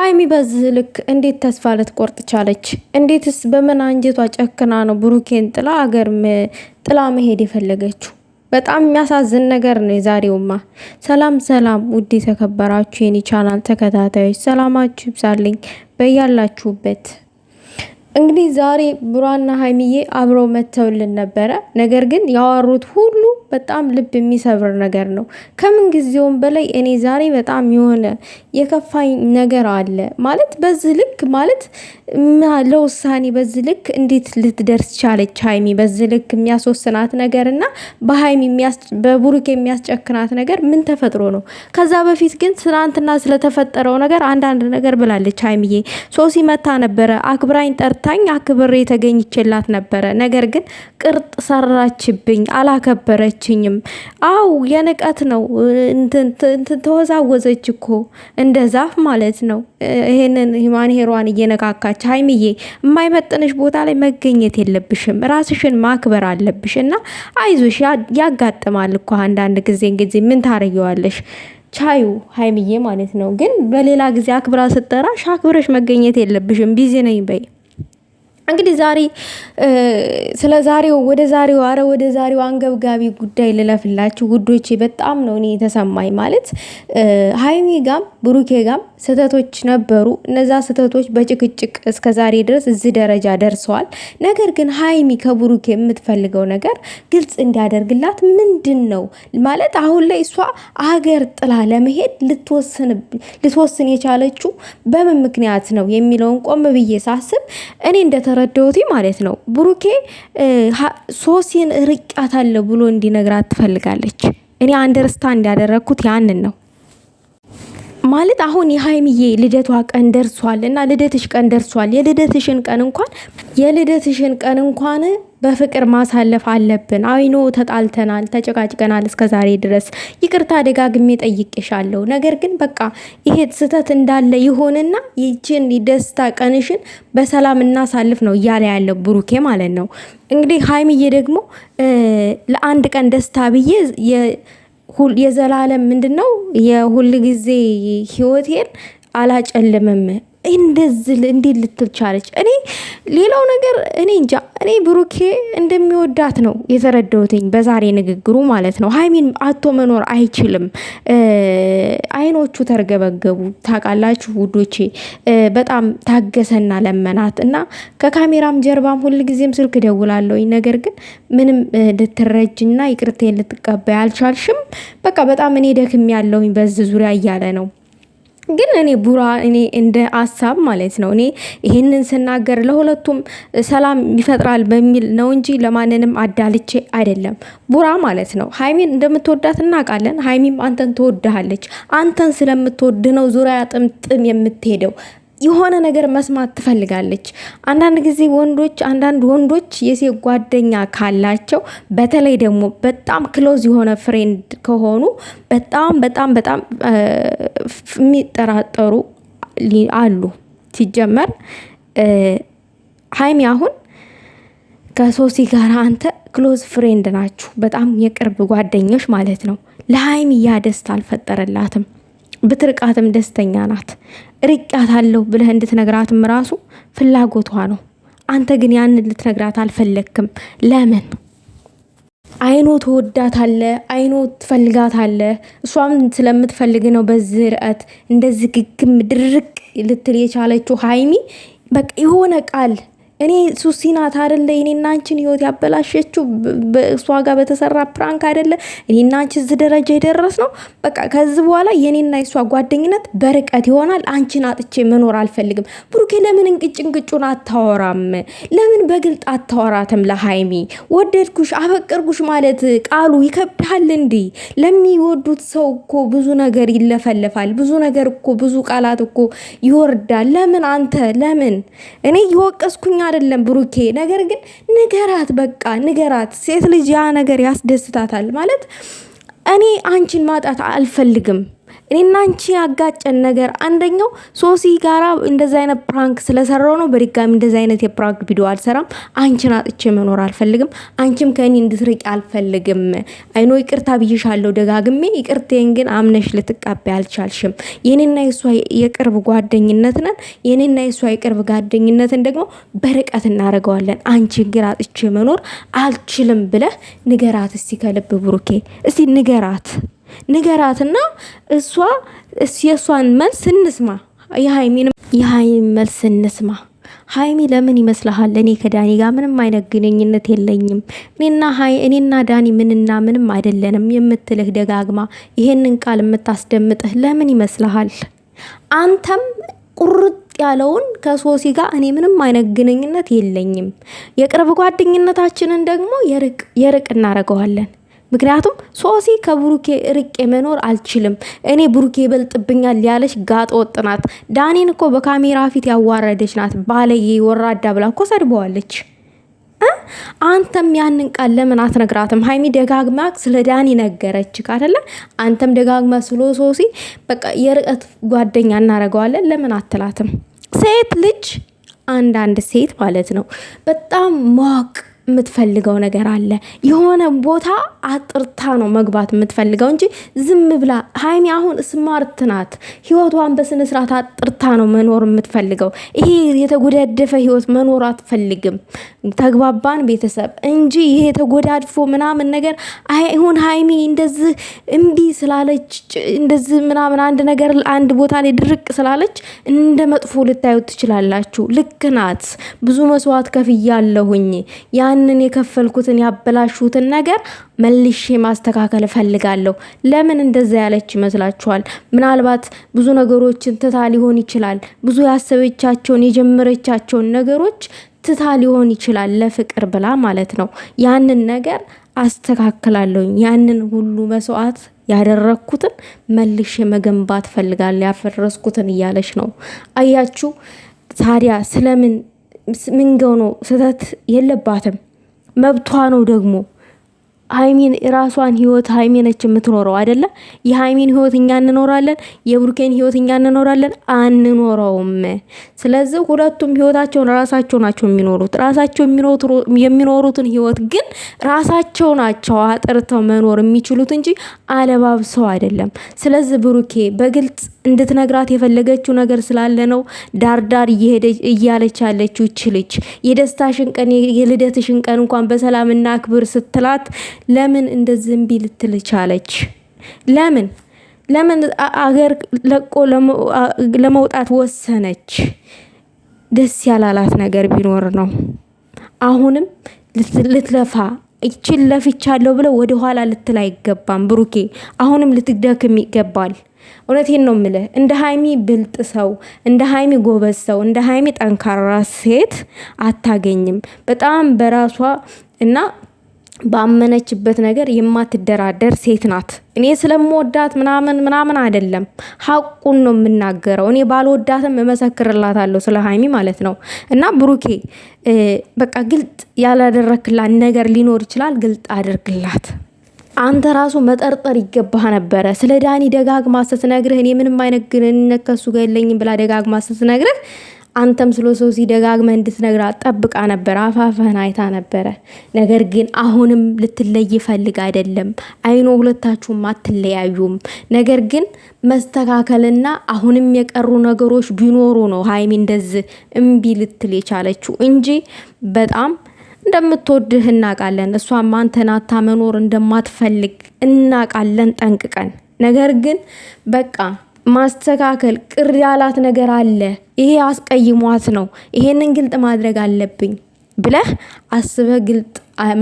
ሀይሚ በዚህ ልክ እንዴት ተስፋ ልትቆርጥ ቻለች? እንዴትስ በምን አንጀቷ ጨክና ነው ብሩኬን ጥላ አገር ጥላ መሄድ የፈለገችው? በጣም የሚያሳዝን ነገር ነው የዛሬውማ። ሰላም ሰላም፣ ውድ የተከበራችሁ የኔ ቻናል ተከታታዮች ሰላማችሁ ይብዛልኝ በያላችሁበት እንግዲህ ዛሬ ቡራና ሀይሚዬ አብረው መተውልን ነበረ። ነገር ግን ያወሩት ሁሉ በጣም ልብ የሚሰብር ነገር ነው። ከምን ጊዜውም በላይ እኔ ዛሬ በጣም የሆነ የከፋኝ ነገር አለ ማለት በዚህ ልክ ማለት ለውሳኔ በዚህ ልክ እንዴት ልትደርስ ቻለች? ሀይሚ በዚህ ልክ የሚያስወስናት ነገር እና በሀይሚ በቡሩክ የሚያስጨክናት ነገር ምን ተፈጥሮ ነው? ከዛ በፊት ግን ትናንትና ስለተፈጠረው ነገር አንዳንድ ነገር ብላለች ሀይሚዬ። ሶሲ መታ ነበረ አክብራኝ ጠርጥ መታኝ አክብሬ የተገኝችላት ነበረ። ነገር ግን ቅርጥ ሰራችብኝ፣ አላከበረችኝም። አው የንቀት ነው። ተወዛወዘች እኮ እንደ ዛፍ ማለት ነው። ይሄንን ሂማን ሄሯን እየነካካች ሀይምዬ የማይመጥንሽ ቦታ ላይ መገኘት የለብሽም። ራስሽን ማክበር አለብሽ እና አይዞሽ፣ ያጋጥማል እኮ አንዳንድ ጊዜ ጊዜ ምን ታረየዋለሽ? ቻዩ ሀይምዬ ማለት ነው። ግን በሌላ ጊዜ አክብራ ስጠራሽ አክብረሽ መገኘት የለብሽም። ቢዚ ነኝ በይ። እንግዲህ ዛሬ ስለ ዛሬው ወደ ዛሬው አረ ወደ ዛሬው አንገብጋቢ ጉዳይ ልለፍላችሁ ውዶቼ። በጣም ነው እኔ የተሰማኝ ማለት ሀይሚ ጋም ብሩኬ ጋም ስህተቶች ነበሩ። እነዛ ስህተቶች በጭቅጭቅ እስከ ዛሬ ድረስ እዚህ ደረጃ ደርሰዋል። ነገር ግን ሀይሚ ከብሩኬ የምትፈልገው ነገር ግልጽ እንዲያደርግላት ምንድን ነው ማለት አሁን ላይ እሷ አገር ጥላ ለመሄድ ልትወስን የቻለችው በምን ምክንያት ነው የሚለውን ቆም ብዬ ሳስብ እኔ እንደተረዳሁት ማለት ነው ብሩኬ ሶሲን አለ ብሎ እንዲነግራት ትፈልጋለች። እኔ አንደርስታንድ ያደረግኩት ያንን ነው። ማለት አሁን የሀይሚዬ ልደቷ ቀን ደርሷል እና ልደትሽ ቀን ደርሷል። የልደትሽን ቀን እንኳን የልደትሽን ቀን እንኳን በፍቅር ማሳለፍ አለብን። አይኖ ተጣልተናል፣ ተጨቃጭቀናል እስከ ዛሬ ድረስ ይቅርታ ደጋግሜ ጠይቄሻለሁ። ነገር ግን በቃ ይሄ ስህተት እንዳለ ይሆንና ይችን ደስታ ቀንሽን በሰላም እናሳልፍ ነው እያለ ያለው ብሩኬ ማለት ነው። እንግዲህ ሀይሚዬ ደግሞ ለአንድ ቀን ደስታ ብዬ የዘላለም ምንድን ነው የሁል ጊዜ ህይወቴን አላጨልምም እንደዚህ እንዴት ልትል ቻለች? እኔ ሌላው ነገር እኔ እንጃ። እኔ ብሩኬ እንደሚወዳት ነው የተረዳሁትኝ በዛሬ ንግግሩ ማለት ነው። ሀይሚን አቶ መኖር አይችልም። አይኖቹ ተርገበገቡ። ታውቃላችሁ ውዶቼ፣ በጣም ታገሰና ለመናት እና ከካሜራም ጀርባም ሁልጊዜም ስልክ ደውላለሁኝ። ነገር ግን ምንም ልትረጅና ይቅርቴን ልትቀበይ አልቻልሽም። በቃ በጣም እኔ ደክም ያለውኝ በዚህ ዙሪያ እያለ ነው ግን እኔ ቡራ እኔ እንደ አሳብ ማለት ነው እኔ ይህንን ስናገር ለሁለቱም ሰላም ይፈጥራል በሚል ነው እንጂ ለማንንም አዳልቼ አይደለም። ቡራ ማለት ነው ሀይሚን እንደምትወዳት እናውቃለን። ሀይሚም አንተን ትወድሃለች። አንተን ስለምትወድ ነው ዙሪያ ጥምጥም የምትሄደው የሆነ ነገር መስማት ትፈልጋለች። አንዳንድ ጊዜ ወንዶች አንዳንድ ወንዶች የሴት ጓደኛ ካላቸው በተለይ ደግሞ በጣም ክሎዝ የሆነ ፍሬንድ ከሆኑ በጣም በጣም በጣም የሚጠራጠሩ አሉ። ሲጀመር ሀይሚ አሁን ከሶሲ ጋር አንተ ክሎዝ ፍሬንድ ናችሁ፣ በጣም የቅርብ ጓደኞች ማለት ነው። ለሀይሚ ያ ደስታ አልፈጠረላትም። ብትርቃትም ደስተኛ ናት። አለው ብለህ እንድትነግራትም ራሱ ፍላጎቷ ነው። አንተ ግን ያንን ልትነግራት አልፈለግክም። ለምን? አይኖ ተወዳታለ፣ አይኖ ትፈልጋታለ። እሷም ስለምትፈልግ ነው በዚህ ርዕት እንደዚህ ግግም ድርቅ ልትል የቻለችው ሀይሚ በቃ የሆነ ቃል እኔ ሱሲ ናት አደለ እኔና አንቺን ህይወት ያበላሸችው እሷ ጋር በተሰራ ፕራንክ አደለ እኔና አንቺ እዚህ ደረጃ የደረስ ነው። በቃ ከዚህ በኋላ የእኔና የእሷ ጓደኝነት በርቀት ይሆናል። አንቺን አጥቼ መኖር አልፈልግም። ብሩኬ ለምን እንቅጭ እንቅጩን አታወራም? ለምን በግልጥ አታወራትም? ለሀይሚ ወደድኩሽ፣ አፈቀርኩሽ ማለት ቃሉ ይከብዳል እንዲ ለሚወዱት ሰው እኮ ብዙ ነገር ይለፈልፋል። ብዙ ነገር እኮ ብዙ ቃላት እኮ ይወርዳል። ለምን አንተ ለምን እኔ ይወቀስኩኛል አይደለም ብሩኬ። ነገር ግን ንገራት፣ በቃ ንገራት። ሴት ልጅ ያ ነገር ያስደስታታል ማለት እኔ አንቺን ማጣት አልፈልግም እኔና አንቺ ያጋጨን ነገር አንደኛው ሶሲ ጋራ እንደዚ አይነት ፕራንክ ስለሰራው ነው። በድጋሚ እንደዚ አይነት የፕራንክ ቪዲዮ አልሰራም። አንቺን አጥቼ መኖር አልፈልግም። አንቺም ከእኔ እንድትርቅ አልፈልግም። አይኖ ይቅርታ ብይሻለሁ ደጋግሜ። ይቅርቴን ግን አምነሽ ልትቀበይ አልቻልሽም። የኔና የሷ የቅርብ ጓደኝነት ነን። የኔና የሷ የቅርብ ጓደኝነትን ደግሞ በርቀት እናደርገዋለን። አንቺን ግን አጥቼ መኖር አልችልም ብለህ ንገራት እስቲ ከልብ ብሩኬ፣ እስቲ ንገራት። ንገራትና እሷ የእሷን መልስ እንስማ። የሀይሚን መልስ እንስማ። ሀይሚ ለምን ይመስልሃል? እኔ ከዳኒ ጋር ምንም አይነት ግንኙነት የለኝም እኔና ሀይ እኔና ዳኒ ምንና ምንም አይደለንም የምትልህ ደጋግማ ይሄንን ቃል የምታስደምጥህ ለምን ይመስልሃል? አንተም ቁርጥ ያለውን ከሶሲ ጋር እኔ ምንም አይነት ግንኙነት የለኝም፣ የቅርብ ጓደኝነታችንን ደግሞ የርቅ የርቅ እናደርገዋለን ምክንያቱም ሶሲ ከብሩኬ ርቄ መኖር አልችልም፣ እኔ ብሩኬ ይበልጥብኛል ያለች ጋጥ ወጥ ናት። ዳኔን እኮ በካሜራ ፊት ያዋረደች ናት። ባለዬ ወራዳ ብላ እኮ ሰድበዋለች። አንተም ያንን ቃል ለምን አትነግራትም? ሀይሚ ደጋግማ ስለ ዳኒ ነገረች ካደለ አንተም ደጋግማ ስሎ ሶሲ በቃ የርቀት ጓደኛ እናደርገዋለን ለምን አትላትም? ሴት ልጅ አንዳንድ ሴት ማለት ነው በጣም ሞቅ የምትፈልገው ነገር አለ። የሆነ ቦታ አጥርታ ነው መግባት የምትፈልገው እንጂ ዝም ብላ ሀይሚ አሁን ስማርት ናት። ህይወቷን በስነ ስርዓት አጥርታ ነው መኖር የምትፈልገው። ይሄ የተጎዳደፈ ህይወት መኖር አትፈልግም። ተግባባን ቤተሰብ እንጂ ይሄ የተጎዳድፎ ምናምን ነገር አይሁን። ሀይሚ እንደዚህ እምቢ ስላለች እንደዚህ ምናምን አንድ ነገር አንድ ቦታ ላይ ድርቅ ስላለች እንደ መጥፎ ልታዩት ትችላላችሁ። ልክ ናት። ብዙ መስዋዕት ከፍያለሁኝ ያንን የከፈልኩትን ያበላሹትን ነገር መልሼ ማስተካከል እፈልጋለሁ። ለምን እንደዛ ያለች ይመስላችኋል? ምናልባት ብዙ ነገሮችን ትታ ሊሆን ይችላል። ብዙ ያሰበቻቸውን የጀመረቻቸውን ነገሮች ትታ ሊሆን ይችላል፣ ለፍቅር ብላ ማለት ነው። ያንን ነገር አስተካክላለሁኝ፣ ያንን ሁሉ መስዋዕት ያደረግኩትን መልሼ መገንባት ፈልጋለሁ፣ ያፈረስኩትን እያለች ነው። አያችሁ ታዲያ ስለምን ምንገው ነው ስህተት የለባትም መብቷ ነው ደግሞ ሀይሚን እራሷን ህይወት ሀይሜ ነች የምትኖረው አይደለ? የሀይሜን ህይወት እኛ እንኖራለን፣ የብሩኬን ህይወት እኛ እንኖራለን አንኖረውም። ስለዚህ ሁለቱም ህይወታቸውን ራሳቸው ናቸው የሚኖሩት። ራሳቸው የሚኖሩትን ህይወት ግን ራሳቸው ናቸው አጥርተው መኖር የሚችሉት እንጂ አለባብሰው አይደለም። ስለዚህ ብሩኬ በግልጽ እንድትነግራት የፈለገችው ነገር ስላለ ነው ዳርዳር እያለች ያለችው ይችልች የደስታሽን ቀን የልደትሽን ቀን እንኳን በሰላምና ክብር ስትላት ለምን እንደዚህ እምቢ ልትል ቻለች? ለምን ለምን አገር ለቆ ለመውጣት ወሰነች? ደስ ያላላት ነገር ቢኖር ነው። አሁንም ልትለፋ ይችን ለፍቻለሁ ብለው ወደ ኋላ ልትል አይገባም። ብሩኬ አሁንም ልትደክም ይገባል። እውነቴን ነው ምለ እንደ ሀይሚ ብልጥ ሰው፣ እንደ ሀይሚ ጎበዝ ሰው፣ እንደ ሀይሚ ጠንካራ ሴት አታገኝም። በጣም በራሷ እና ባመነችበት ነገር የማትደራደር ሴት ናት። እኔ ስለምወዳት ምናምን ምናምን አይደለም፣ ሀቁን ነው የምናገረው። እኔ ባልወዳትም እመሰክርላታለሁ ስለ ሀይሚ ማለት ነው። እና ብሩኬ በቃ ግልጥ ያላደረክላት ነገር ሊኖር ይችላል፣ ግልጥ አድርግላት። አንተ ራሱ መጠርጠር ይገባህ ነበረ። ስለ ዳኒ ደጋግማ ስትነግርህ እኔ ምንም አይነት ግንኙነት ከሱ ጋር የለኝም ብላ ደጋግማ ስትነግርህ አንተም ስለ ሶሲ ደጋግመህ እንድትነግራት ጠብቃ ነበር። አፋፈህን አይታ ነበረ። ነገር ግን አሁንም ልትለይ ፈልግ አይደለም። አይኖ ሁለታችሁም አትለያዩም። ነገር ግን መስተካከልና አሁንም የቀሩ ነገሮች ቢኖሩ ነው ሀይሚ እንደዚህ እምቢ ልትል የቻለችው እንጂ በጣም እንደምትወድህ እናቃለን። እሷም አንተን አታ መኖር እንደማትፈልግ እናቃለን ጠንቅቀን። ነገር ግን በቃ ማስተካከል ቅር ያላት ነገር አለ፣ ይሄ አስቀይሟት ነው፣ ይሄንን ግልጥ ማድረግ አለብኝ ብለህ አስበ ግልጥ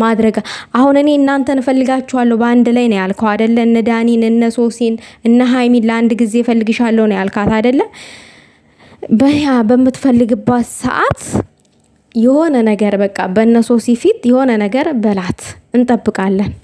ማድረግ አሁን እኔ እናንተን እፈልጋችኋለሁ በአንድ ላይ ነው ያልከው አደለ? እነ ዳኒን እነ ሶሲን እነ ሀይሚን ለአንድ ጊዜ እፈልግሻለሁ ነው ያልካት አደለ? በያ በምትፈልግባት ሰዓት የሆነ ነገር በቃ በእነ ሶሲ ፊት የሆነ ነገር በላት። እንጠብቃለን።